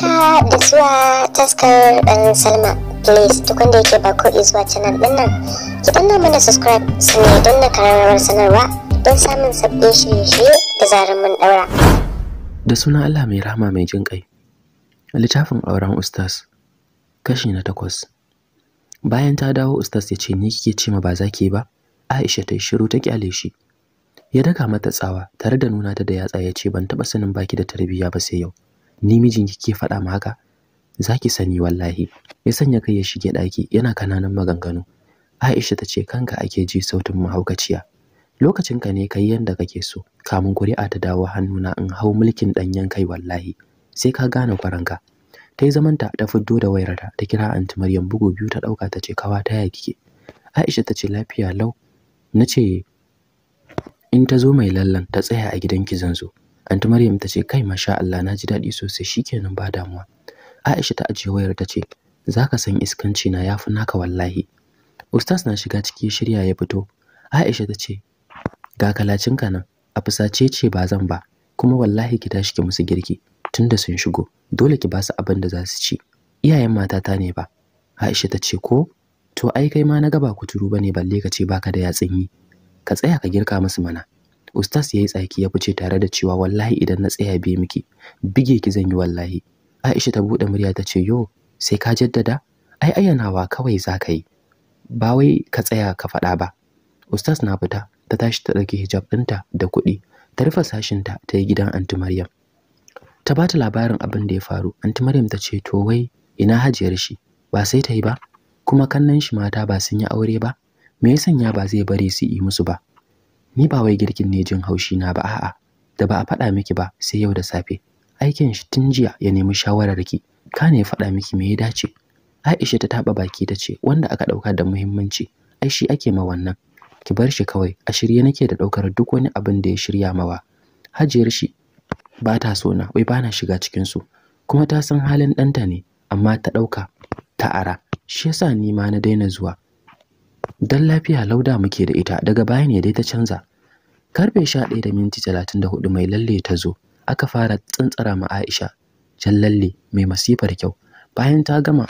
haka da zuwa taskar dan salma please duk wanda yake ba ko zuwa canal din nan ki danna mana subscribe su ne don na kararrawar sanarwa don samun sabbin shirye-shirye da zarar mun daura da sunan allah mai rahama mai jin kai littafin auren ustas kashi na takwas bayan ta dawo ustas ya ce ni kike ce ma ba za ki ba aisha ta yi shiru ta kyale shi ya daga mata tsawa tare da nuna ta da yatsa ya ce ban taɓa sanin baki da tarbiyya ba sai yau ni mijin ki ke faɗa ma haka zaki sani wallahi ya sanya kai ya shige ɗaki yana kananan maganganu Aisha ta ce kanka ake ji sautin mahaukaciya lokacin ka ne kai yanda kake so kamun kuri'a ta dawo hannuna in hau mulkin danyen kai wallahi sai ka gane kwaranka ta yi zamanta ta fiddo da wayarta ta kira anti Maryam bugu biyu ta ɗauka ta ce kawa ta ya kike Aisha ta ce lafiya lau na ce in ta zo mai lallan ta tsaya a gidanki zan zo anti maryam ta ce kai masha Allah na ji daɗi sosai shikenan ba damuwa aisha ta ajiye wayar ta ce zaka san iskanci na yafi naka wallahi ustaz na shiga ciki shirya ya fito aisha ta ce ga kalacin ka nan a fusace ce ba zan ba kuma wallahi ki tashi ki musu girki tunda sun shigo dole ki basu su abin da za su ci iyayen matata ne ba aisha ta ce ko to ai kai ma na gaba kuturu bane balle ka ce baka da yatsin yi ka tsaya ka girka musu mana Ustaz ya yi tsaki ya fice tare da cewa wallahi idan na tsaya bi miki bige ki zan yi wallahi. Aisha ta buɗe murya ta ce yo sai ka jaddada ai ayyanawa kawai za ka yi ba wai ka tsaya ka faɗa ba. Ustaz na fita ta tashi ta ɗauki hijab ɗinta da kuɗi ta rufe sashinta ta yi gidan Anti Maryam. Ta ba ta labarin abin da ya faru Anti Maryam ta ce to wai ina hajiyar shi ba sai ta yi ba kuma kannan shi mata ba sun yi aure ba me ya sanya ba zai bari su yi musu ba. ni ba wai girkin ne jin haushi na ba a'a da ba a faɗa miki ba sai yau da safe aikin shi tun jiya ya nemi shawarar ki ka ne faɗa miki me ya dace Aisha ta taba baki ta ce wanda aka ɗauka da muhimmanci ai shi ake ma wannan ki bar shi kawai a shirye nake da ɗaukar duk wani abin da ya shirya mawa hajiyar shi ba ta so na wai bana shiga cikin su kuma ta san halin ɗanta ne amma ta ɗauka ta ara shi yasa ni ma na daina zuwa dan lafiya lauda muke da ita daga baya ne dai ta canza karfe sha ɗaya da minti talatin da hudu mai lalle ta zo aka fara tsantsara ma aisha can lalle mai masifar kyau bayan ta gama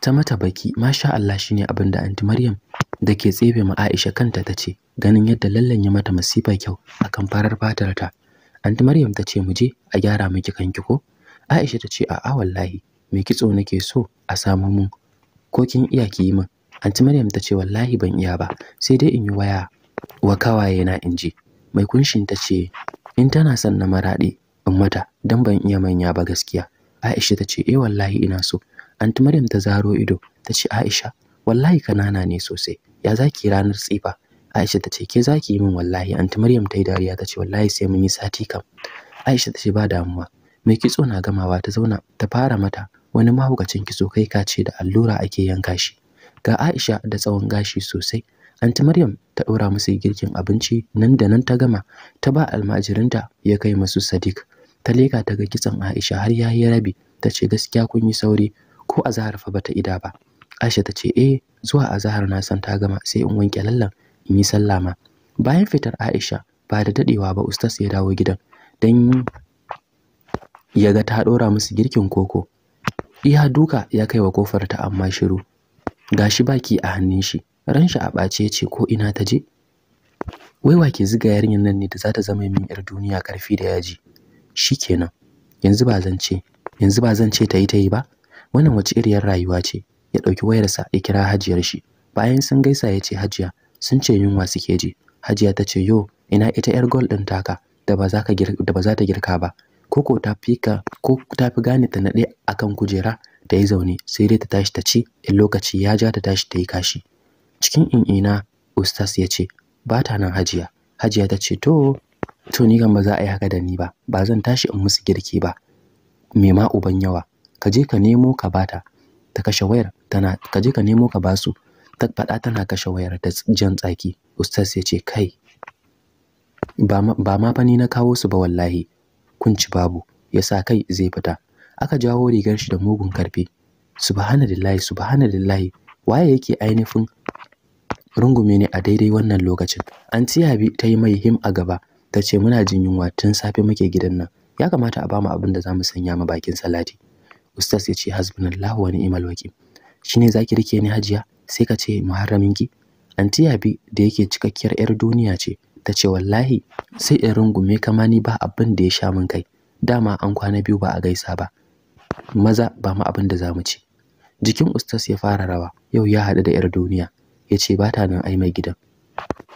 ta mata baki masha Allah shine abin da anti Maryam da ke tsebe ma Aisha kanta ta ce ganin yadda lallan ya mata masifa kyau akan farar fatar ta anti Maryam ta ce muje a gyara miki kanki ko Aisha ta ce a'a wallahi me kitso nake so a samu mun ko kin iya ki yi min anti maryam ta ce wallahi ban iya ba sai dai in yi waya wa kawaye na in ji mai kunshin ta ce in tana son na maraɗi in mata dan ban iya manya ba gaskiya aisha ta ce eh wallahi ina so anti maryam ta zaro ido ta ce aisha wallahi kanana ne sosai ya zaki ranar tsifa Aisha ta ce ke zaki yi min wallahi anti Maryam ta yi dariya ta ce wallahi sai mun yi sati kam Aisha ta ce ba damuwa mai kitso na gamawa ta zauna ta fara mata wani mahaukacin kitso kai ka ce da allura ake yanka shi ga Aisha da tsawon gashi sosai anti Maryam ta ɗora musu girkin abinci nan da nan ta gama ta ba almajirinta ya kai masu Sadiq ta leka ta ga kitson Aisha har ya yi rabi ta ce gaskiya kun yi sauri ko azahar fa bata ida ba Aisha ta ce eh zuwa azahar na san ta gama sai in wanke lallan in yi sallama. bayan fitar Aisha ba da dadewa ba ustaz ya dawo gidan dan ya ga ta dora musu girkin koko iya duka ya kai wa kofar ta amma shiru gashi baki a hannun shi ran shi a ɓace ce ko ina ta je wai wa ke ziga yarinyar nan ne da za ta zama min yar duniya karfi da yaji shikenan yanzu ba zan ce yanzu ba zan ce ta yi ta yi ba wannan wace iriyar rayuwa ce ya ɗauki wayarsa ya kira hajiyar shi bayan sun gaisa ya ce hajiya sun ce yunwa suke ji hajiya ta ce yo ina ita yar gold ɗin taka da ba za ta girka ba koko ta fi gane ta naɗe akan kujera ta yi zaune sai dai ta tashi ta ci in lokaci ya ja ta tashi ta yi kashi cikin in'ina ustas ya ce ba ta nan hajiya hajiya ta ce to to ni kan ba za a yi haka da ni ba ba zan tashi in musu girki ba me ma uban yawa ka je ka nemo ka bata ta kashe wayar tana ka je ka nemo ka basu ta faɗa tana kashe wayar ta jan tsaki ustas ya ce kai ba ma fa ni na kawo su ba wallahi kunci babu ya sa kai zai fita aka jawo rigar shi da mugun karfe subhanallahi subhanallahi waye yake ainihin rungume ne a daidai wannan lokacin anti yabi ta yi mai him a gaba ta ce muna jin yunwa tun safe muke gidan nan ya kamata a bamu abin da za mu sanya ma bakin salati ustaz ya ce hasbunallahu wa ni'mal wakil shine zaki rike ni hajiya sai ka ce ki? anti yabi da yake cikakkiyar yar duniya ce ta ce wallahi sai in rungume kama ni ba abin da ya sha min kai dama an kwana biyu ba a gaisa ba maza ba mu abin da za mu ci jikin ustas ya fara rawa yau ya haɗu da yar duniya yace ce ba ta nan ai mai gidan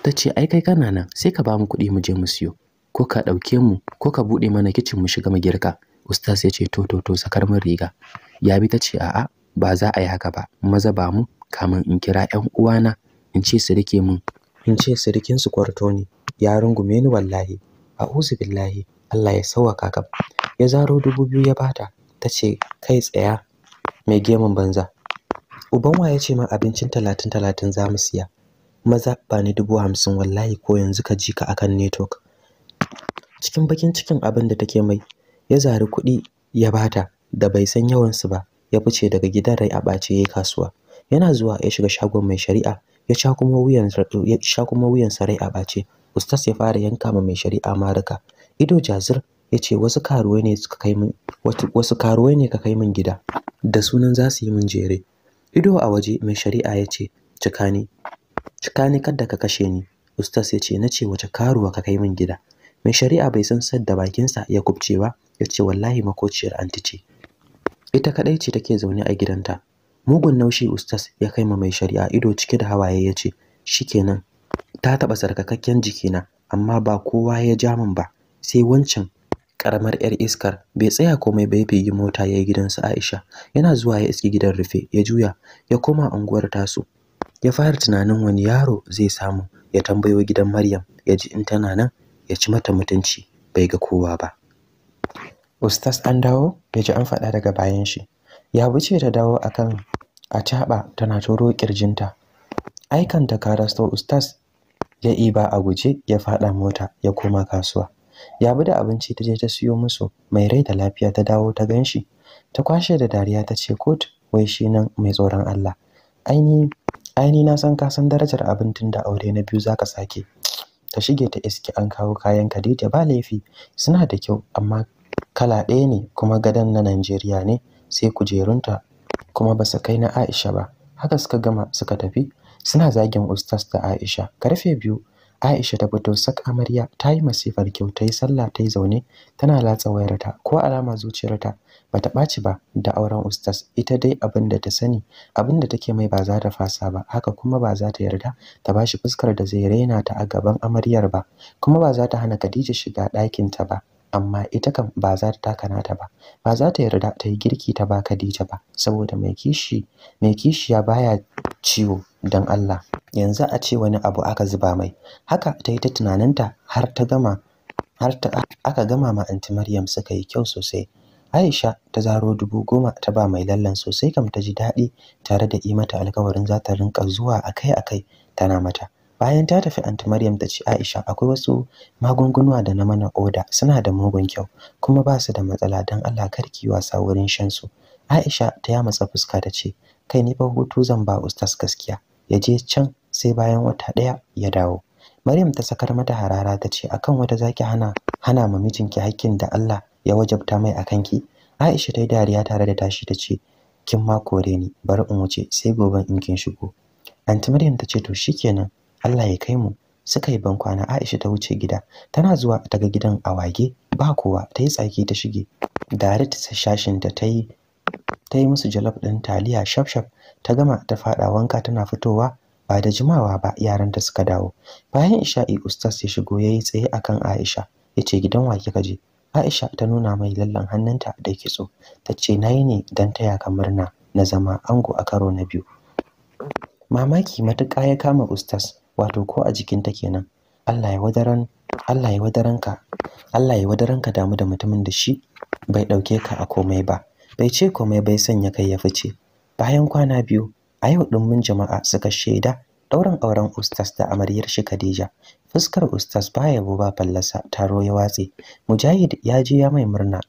tace ai kai kana nan sai ka ba mu kuɗi mu je mu siyo ko ka ɗauke mu ko ka buɗe mana kicin mu shiga mu girka ustas yace ce to to to sakar min riga yabi tace ce a'a ba za a yi haka ba maza ba mu kamin in kira 'yan uwana in ce su rike mun. in ce su rikin su kwarto ni ya rungume ni wallahi a'udhu billahi Allah ya sauwaka ka ya zaro dubu biyu ya bata ta ce kai tsaya mai gemun banza uban wa ya ce min abincin talatin talatin za mu siya maza ba ni dubu hamsin wallahi ko yanzu ka ji ka akan network cikin bakin cikin abin da take mai ya zari kuɗi ya bata da bai san yawansu ba ya fice daga gidan rai a ɓace ya kasuwa yana zuwa ya shiga shagon mai shari'a ya sha kuma wuyan ya sha kuma wuyan rai a ɓace ustaz ya fara yanka ma mai shari'a marika ido jazir ya wasu karuwai ne suka kai min wasu karuwai ne ka kai min gida da sunan za su yi min jere ido a waje mai shari'a ya ce cika ni cika ni kadda ka kashe ni ustas ya ce na ce wace karuwa ka kai min gida mai shari'a bai san sadda bakinsa ya kubce ba ya ce wallahi makociyar anti ce ita kadai ce take zaune a gidanta mugun naushi ustas ya kai ma mai shari'a ido cike da hawaye ya ce shikenan ta taɓa sarkakakken jikina amma ba kowa ya ja min ba sai wancan karamar yar iskar bai tsaya komai bai fige mota yayi gidansa Aisha yana zuwa ya iski gidan rufe ya juya ya koma unguwar tasu ya fara tunanin wani yaro zai samu ya tambayo gidan Maryam ya ji in tana nan ya ci mata mutunci bai ga kowa ba Ustaz an dawo ya ji an faɗa daga bayan shi ya wuce ta dawo akan a caɓa tana turo kirjinta aikanta karasto ustaz ya iba a guje ya faɗa mota ya koma kasuwa ya bi da abinci ta je ta siyo musu mai rai da lafiya ta dawo ta gan shi ta kwashe da dariya ta ce kot wai shi nan mai tsoron Allah aini na san ka san darajar abin tun da aure na biyu zaka sake ta shige ta iski an kawo kayan Khadija ba laifi suna da kyau amma kala ɗaya ne kuma gadon na Najeriya ne sai kujerunta kuma ba su kai na Aisha ba haka suka gama suka tafi suna zagin ustas da Aisha karfe biyu Aisha ta fito sak amarya ta yi masifar kyau ta yi sallah ta yi zaune tana latsa wayarta ko alama zuciyarta ba ta ɓaci ba da auren ustas ita dai abin da ta sani abin da take mai ba za ta fasa ba haka kuma ba za ta yarda ta bashi fuskar da zai raina ta a gaban amaryar ba kuma ba za ta hana Khadija shiga ɗakinta ba amma ita kam ba za ta taka nata ba ba za ta yarda ta yi girki ta ba Khadija ba saboda mai kishi mai ya baya ciwo don Allah yanzu a ce wani abu aka zuba mai haka ta yi ta tunaninta har ta gama har ta aka gama ma anti Maryam suka yi kyau sosai Aisha ta zaro dubu goma ta ba mai lallan sosai kam ta ji daɗi tare da yi mata alkawarin za ta rinka zuwa akai-akai tana mata bayan ta tafi anti Maryam ta ce Aisha akwai wasu magunguna da na mana oda suna da mugun kyau kuma ba su da matsala don Allah karki wasa wurin shan su Aisha ta matsa fuska ta ce kai ni fa hutu zan ba ustas gaskiya ya je can sai bayan wata ɗaya ya dawo maryam ta sakar mata harara ta ce akan wata zaki hana hana ma mijinki hakkin da Allah ya wajabta mai akan ki Aisha ta yi dariya tare da tashi ta ce kin ma kore ni bar in wuce sai gobe in kin shigo Anti Maryam ta ce to shikenan Allah ya kai mu suka yi bankwana Aisha ta wuce gida tana zuwa ta ga gidan awage, ba kowa ta yi tsaki ta shige Darit shashin ta ta yi ta yi musu jalof ɗin taliya shafshaf ta gama ta faɗa wanka tana fitowa ba da jimawa ba yaran da suka dawo bayan isha'i ustaz ya shigo ya yi tsaye a kan aisha ya ce gidan wa ka je aisha ta nuna mai lallan hannunta da kitso ta ce na yi ne don taya ka murna na zama ango a karo na biyu mamaki matuƙa ya kama ustaz wato ko a jikinta kenan allah ya wadaran allah ya wadaranka allah ya wadaranka damu da mutumin da shi bai ɗauke ka a komai ba bai ce komai bai sanya kai ya fice bayan kwana biyu a yau mun jama'a suka shaida ɗaurin auren ustas da amaryar shi Khadija fuskar ustas baya buba fallasa taro ya watse mujahid ya je ya mai murna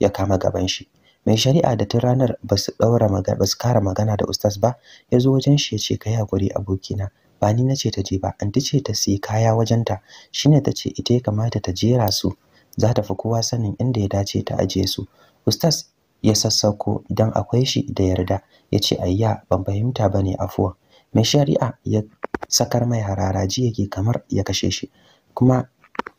ya kama gaban shi mai shari'a da tun ranar ba su daura magana ba su kara magana da ustas ba ya zo wajen shi ya ce kai hakuri abokina ba ni ce ta je ba anti ce ta siyi kaya wajen ta shine ta ce ita ya kamata ta jera su za ta fi kowa sanin inda ya dace ta ajiye su ustas ya sassauko dan akwai shi da yarda Ya yace ayya ban fahimta ba ne afuwa mai shari'a ya sakar mai hararaji yake kamar ya kashe shi kuma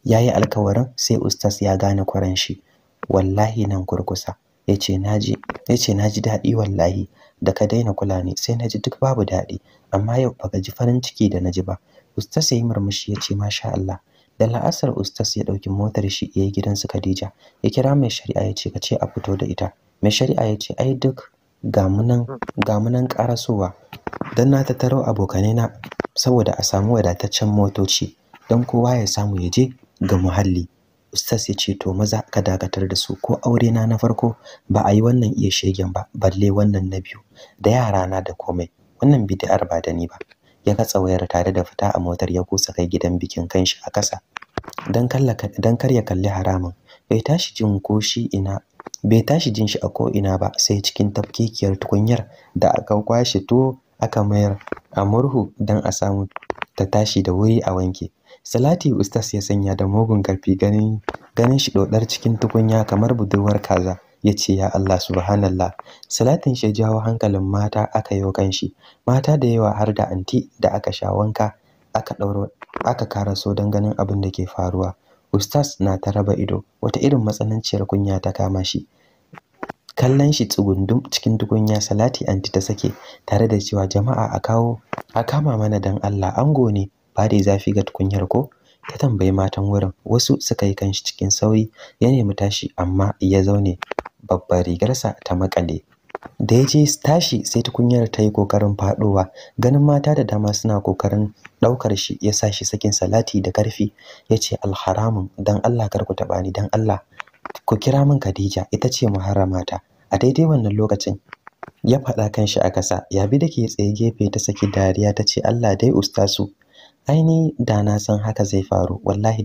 ya yi alkawarin sai Ustas ya gane kwaran shi wallahi nan kurkusa Ya ce na ji daɗi wallahi da ka daina kula ne sai na ji duk babu daɗi. amma yau baka ji farin ciki da na ji ba Ustas ya yi murmushi ya ce, masha Allah da la'asar Ustas ya ɗauki motar shi yayi gidan su Khadija ya kira mai shari'a ya ce ka ce a fito da ita mai shari'a ya ce ai duk gamunan karasowa don na tattaro abokanai na saboda a samu wadataccen motoci don kowa ya samu ya je ga muhalli ustas ya ce to maza ka dakatar da su ko aure na na farko ba a yi wannan iya shegen ba balle wannan na biyu da yara na da komai wannan bid'ar ba da ni ba ya katsa wayar tare da fita a motar ya kusa kai gidan bikin kanshi a kasa Don kar ya kalli haramun bai tashi jin koshi ina bai tashi jin shi a ko'ina ba sai cikin tafkekiyar tukunyar da aka kwashe tuwo aka mayar a murhu don a samu ta tashi da wuri a wanke salati ustas ya sanya da mugun karfi ganin shi dodar cikin tukunya kamar budurwar kaza ya ce ya Allah subhanallah salatin shi jawo hankalin mata aka yi kan shi mata da yawa har da anti da aka sha wanka aka dauro aka karaso don ganin abin da ke faruwa Ustaz na ta raba ido, wata irin matsananciyar kunya ta kama shi. Kallon shi tsugundum cikin tukunya Salati anti ta sake tare da cewa jama'a a kawo a kama mana dan Allah ango ne ba da zafi ga tukunyar ko ta tambayi matan wurin wasu suka yi kanshi cikin sauri ya nemi tashi amma ya zaune babbar rigarsa ta makale da ya je tashi sai tukunyar ta yi kokarin faɗowa ganin mata da dama suna kokarin ɗaukar shi ya sa shi sakin salati da karfi ya ce alharamun don allah kar ku ni don allah ku kira min khadija ita ce muharramata a daidai wannan lokacin ya faɗa shi a ƙasa yabi da ke tsaye gefe ta saki dariya ta ce allah dai ustasu aini da na san haka zai faru wallahi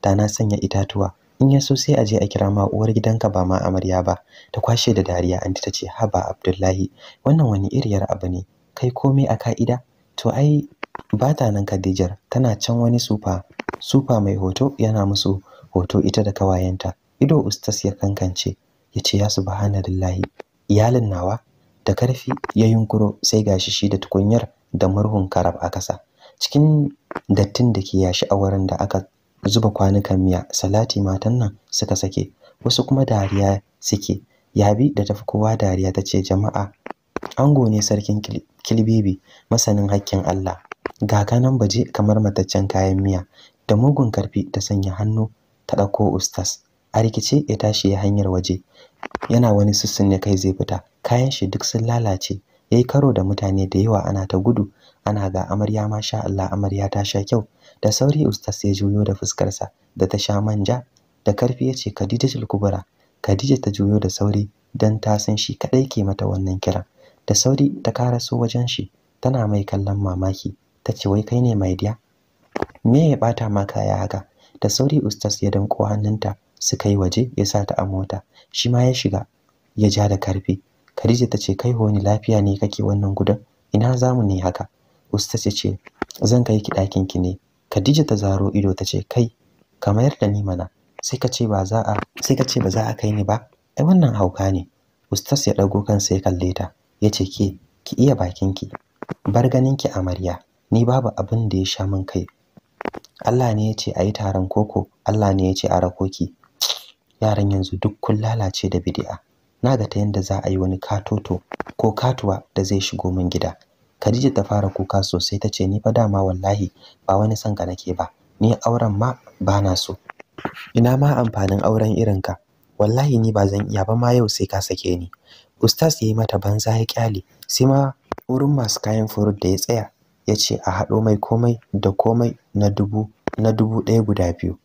da na sanya itatuwa in ya so sai a je a kira ma uwar gidanka ba ma amarya ba ta kwashe da dariya anti ta ce haba abdullahi wannan wani iriyar abu ne kai komai a ka'ida to ai ba ta nan khadijar tana can wani sufa sufa mai hoto yana musu hoto ita da kawayenta ido ustas ya kankance ya ce ya subhanallahi iyalin nawa da karfi ya yunkuro sai gashi shi da tukunyar da murhun karab a kasa cikin dattin da ke yashi a wurin da aka zuba kwanukan miya salati matan nan suka sake wasu kuma dariya suke yabi da tafi kowa dariya ta ce jama'a ango ne sarkin kilbibi masanin hakkin Allah ga kanan baje kamar mataccen kayan miya da mugun karfi ta sanya hannu ta ɗauko ustas a rikice ya tashi ya hanyar waje yana wani ya kai zai fita kayan shi duk sun lalace yayi karo da mutane da yawa ana ta gudu ana ga amarya masha Allah amarya ta sha kyau da sauri ustas ya juyo da fuskarsa da ta sha manja da karfi ya ce khadijatul kubra khadija ta juyo da sauri dan ta san shi kadai ke mata wannan kiran da sauri ta karaso wajen shi tana mai kallon mamaki ta ce wai kai ne mai diya me ya bata ma kaya haka da sauri ustas ya danko hannunta suka yi waje ya sa ta a mota shi ma ya shiga ya ja da karfi khadija ta ce kai honi lafiya ne kake wannan gudan ina zamu ne haka ustas ya ce zan kai ki ɗakinki ki ne Khadija ta zaro ido ta ce kai ka mayar da ni mana sai ka ce ba za a sai ka ce ba za a kai ni ba ai wannan hauka ne ustas ya dago kansa ya kalle ta yace ke ki iya bakinki bar ganin ganinki amarya ni babu abin da ya sha min kai Allah ne ya ce a yi taron koko Allah ne ya ce a rakoki yaran yanzu duk kun lalace da bidi'a na ga ta yanda za a yi wani katoto ko katuwa da zai shigo min gida Khadija ta fara kuka sosai ta ce ni fa dama wallahi ba wani son ka nake ba ni auren ma bana so ina ma amfanin auren irin ka wallahi ni ba zan iya ba ma yau sai ka sake ni ustaz yayi mata banza ya kyale sai ma wurin masu kayan furut da ya tsaya ya ce a haɗo mai komai da komai na dubu na dubu ɗaya guda biyu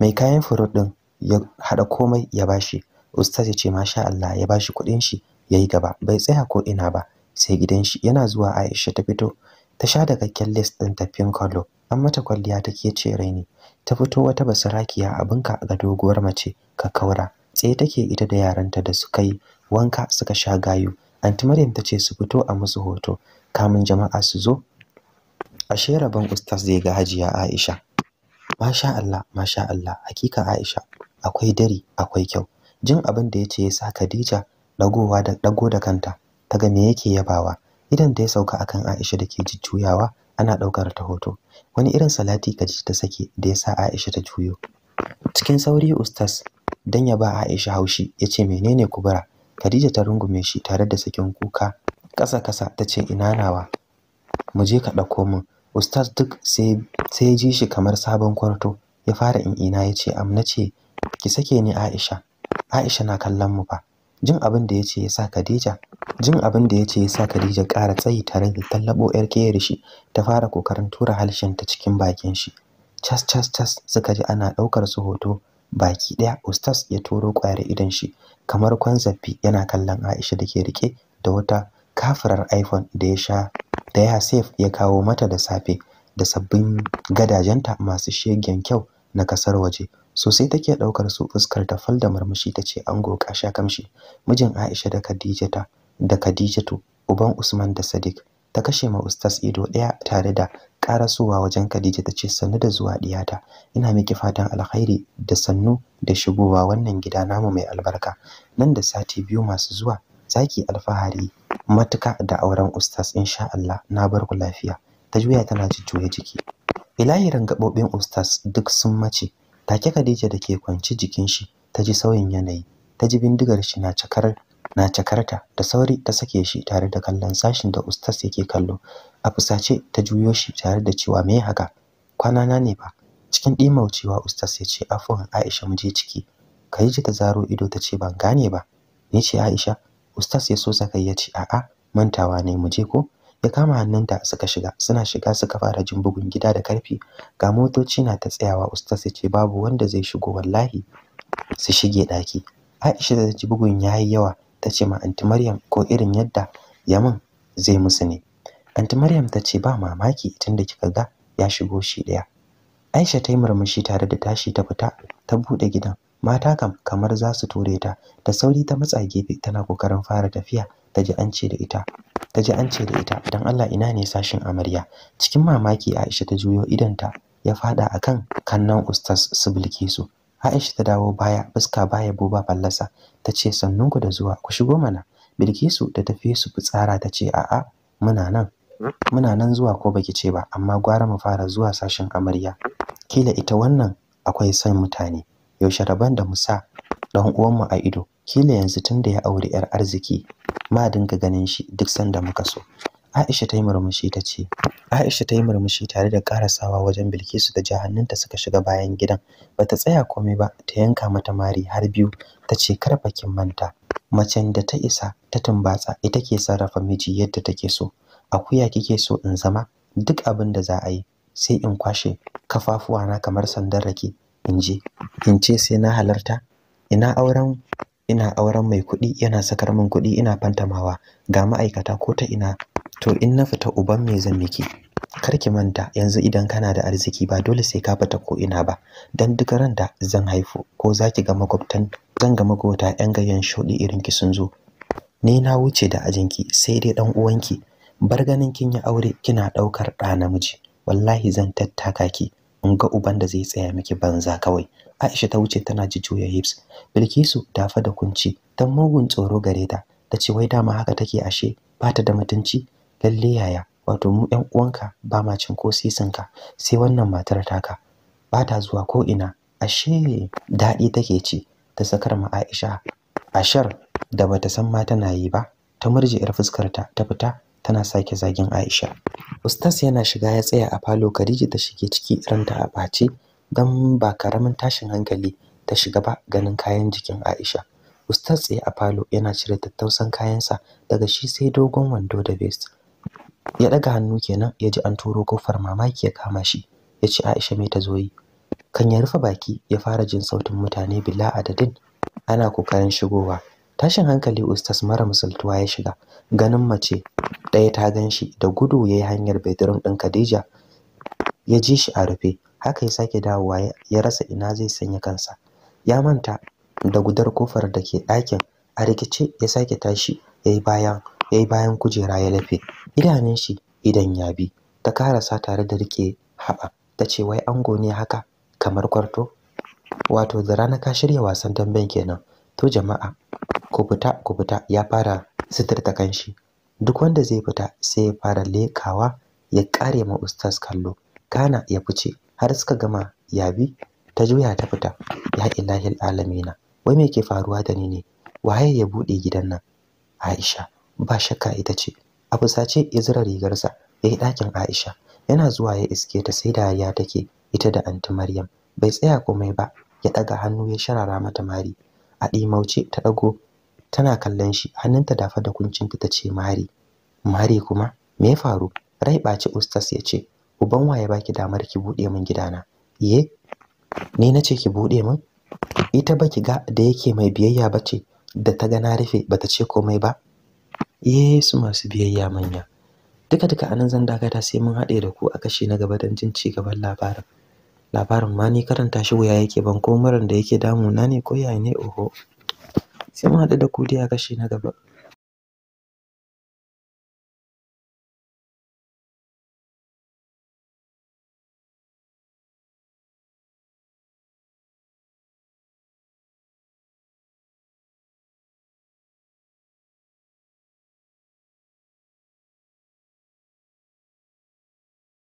mai kayan furut ɗin ya haɗa komai ya bashi ustaz ya ce masha Allah ya bashi kuɗin shi yayi gaba bai tsaya ko ina ba sai gidan shi yana zuwa Aisha ta fito ta sha daga kakken ɗin din ta pink color an mata kwalliya take ce raini ta fito wata basarakiya abinka ga doguwar mace ka kaura tsaye take ita da yaranta da suka yi wanka suka sha gayu anti Maryam ta ce su fito a musu hoto kamun jama'a su zo ashe rabon ustaz zai ga hajiya Aisha masha Allah masha Allah hakika Aisha akwai dari akwai kyau jin abin da ce ya sa Khadija dagowa da dago da kanta ta ga me yake yabawa idan da ya sauka akan Aisha da ke jujjuyawa ana ɗaukar ta hoto wani irin salati kaji ta sake da ya sa Aisha ta juyo cikin sauri ustas dan ya ba Aisha haushi yace ce menene kubura Khadija ta rungume shi tare da sakin kuka kasa kasa tace ina nawa mu je ka dauko min ustas duk sai sai ji shi kamar sabon kwarto ya fara in ina yace ce amna ce ki sake ni Aisha Aisha na kallon mu fa jin abin da yace sa Khadija jin abin da yace yasa Khadija ƙara tsayi tare da tallabo yar kayar shi ta fara kokarin tura halshen ta cikin bakin shi cas cas cas suka ji ana ɗaukar su hoto baki ɗaya. ustaz ya turo ƙwayar idan shi kamar kwanzaffi yana kallon Aisha da ke rike da wata kafirar iPhone da ya sha da ya safe ya kawo mata da safe da sabbin gadajenta masu shegen kyau na kasar waje sosai take daukar su fuskar ta falda murmushi tace ango kasha kamshi mijin Aisha da Khadijata da Khadijatu uban Usman da Sadiq ta kashe ma ustaz ido daya tare da karasowa wajen Khadija tace sannu da zuwa diyata ina miki fatan alkhairi da sannu da shigowa wannan gida namu mai albarka nan da sati biyu masu zuwa zaki alfahari matuka da auren ustaz insha Allah na bar ku lafiya ta juya tana jujjuya jiki ilahi rangabobin ustaz duk sun mace take Khadija da ke kwanci jikin shi ta ji sauyin yanayi ta ji bindigar shi na cakar na cakarta da sauri ta sake shi tare da kallon sashin da ustas yake kallo a fusace ta juyo shi tare da cewa me haka kwana na ne ba cikin cewa ustas ya ce afwan Aisha mu je ciki Khadija ta zaro ido ta ce ban gane ba ni ce Aisha ustas ya so saka ya ce a'a mantawa ne muje je ko ya kama hannunta suka shiga suna shiga suka fara jin bugun gida da karfi ga motoci na ta tsayawa ustaz ce babu wanda zai shigo wallahi su shige daki Aisha da ji bugun yayi yawa ta ce ma anti Maryam ko irin yadda Yamin zai musu ne anti Maryam ta ce ba mamaki da kika ga ya shigo shi daya Aisha ta yi murmushi tare da tashi ta fita ta bude gidan mata kam kamar za su ture ta da sauri ta matsa gefe tana kokarin fara tafiya ta ji an ce da ita ta ji an ce da ita dan Allah ina ne sashin amarya cikin mamaki Aisha ta juyo idanta ya fada akan kannan ustas su Bilkisu Aisha ta dawo baya fuska baya buba fallasa ta ce sannunku da zuwa ku shigo mana Bilkisu da tafi su fitsara ta ce a'a muna nan muna nan zuwa ko baki ce ba amma gwara mu fara zuwa sashin amarya kila ita wannan akwai son mutane yaushe rabon da musa dan uwanmu a ido kila yanzu tun da ya auri yar arziki ma dinga ganin shi duk sanda muka so Aisha ta yi murmushi ta ce Aisha ta yi murmushi tare da karasawa wajen Bilkisu da ta suka shiga bayan gidan bata tsaya komai ba ta yanka mata mari har biyu ta ce kar manta macen da ta isa ta tumbatsa ita ke sarrafa miji yadda take so akuya kike so in zama duk abin da za a yi sai in kwashe kafafuwana kamar sandan rake in je in ce sai na halarta ina auren ina auren mai kuɗi yana sakar min kuɗi ina fantamawa ga ma'aikata ko ta ina to in na fita uban me zan miki kar ki manta yanzu idan kana da arziki ba dole sai ka fita ko ina ba dan duk ran da zan haifu ko zaki ga makwabtan zan ga magota yan gayyan shodi irin ki sun zo ni na wuce da ajinki sai dai dan uwanki bar ganin kin yi aure kina daukar ɗa namiji wallahi zan tattaka ki in ga uban da zai tsaya miki banza kawai Aisha ta wuce tana ji juya hips. Bilkisu ta fada kunci dan mugun tsoro gare ta. Ta ce wai dama haka take ashe ba ta da mutunci lalle yaya wato mu ƴan uwanka ba ma cin ko sisinka sai wannan matar taka ba ta zuwa ko ina ashe daɗi take ci ta sakar ma Aisha ashar da bata san ma tana yi ba ta murje yar fuskar ta ta fita tana sake zagin Aisha. Ustas yana shiga ya tsaya a falo Khadija ta shige ciki ranta a ɓace don ba karamin tashin hankali ta shiga ba ganin kayan jikin Aisha. Ustaz tsaye a falo yana cire tattausan kayansa daga shi sai dogon wando da vest. Ya daga hannu kenan ya ji an turo kofar mamaki ya kama shi. Ya ce Aisha me ta zo yi? Kan ya rufe baki ya fara jin sautin mutane bila adadin ana kokarin shigowa. Tashin hankali Ustaz mara musaltuwa ya shiga ganin mace ɗaya ta gan shi da gudu ya yi hanyar bedroom ɗin Khadija ya ji shi a rufe haka ya sake dawowa ya rasa ina zai sanya kansa ya manta da gudar kofar da ke ɗakin a rikice ya sake tashi ya yi bayan ya yi bayan kujera ya lafe idanun shi idan ya bi ta karasa tare da rike haɓa ta ce wai ango ne haka kamar kwarto wato da rana ka shirya wasan damben kenan to jama'a ku fita ku fita ya fara sitirta kanshi duk wanda zai fita sai ya fara lekawa ya kare ma ustaz kallo kana ya fice har suka gama yabi ta juya ta fita ya ilahil alamina wai me ke faruwa da ni ne waye ya bude gidan nan Aisha ba shakka ita ce a fusace zura rigarsa yi ɗakin Aisha yana zuwa ya iske ta sai da dariya take ita da anti Maryam bai tsaya komai ba ya ɗaga hannu ya sharara mata mari a ɗimauce ta ɗago tana kallon shi hannunta dafa da kuncinta ta ce mari mari kuma me ya faru rai ɓaci ustas ya ce uban waye baki damar ki bude min gidana iye ni nace ki bude min ita baki ga da yake mai biyayya bace da ta ga na rufe bata ce komai ba yesu masu biyayya manya duka duka anan zan dakata sai mun haɗe da ku a kashi na gaba don jin ci gaban labarin labarin ma ni karanta shi wuya yake ban ko muran da yake na ne ko yaya ne oho sai mun haɗu da ku dai a kashi na gaba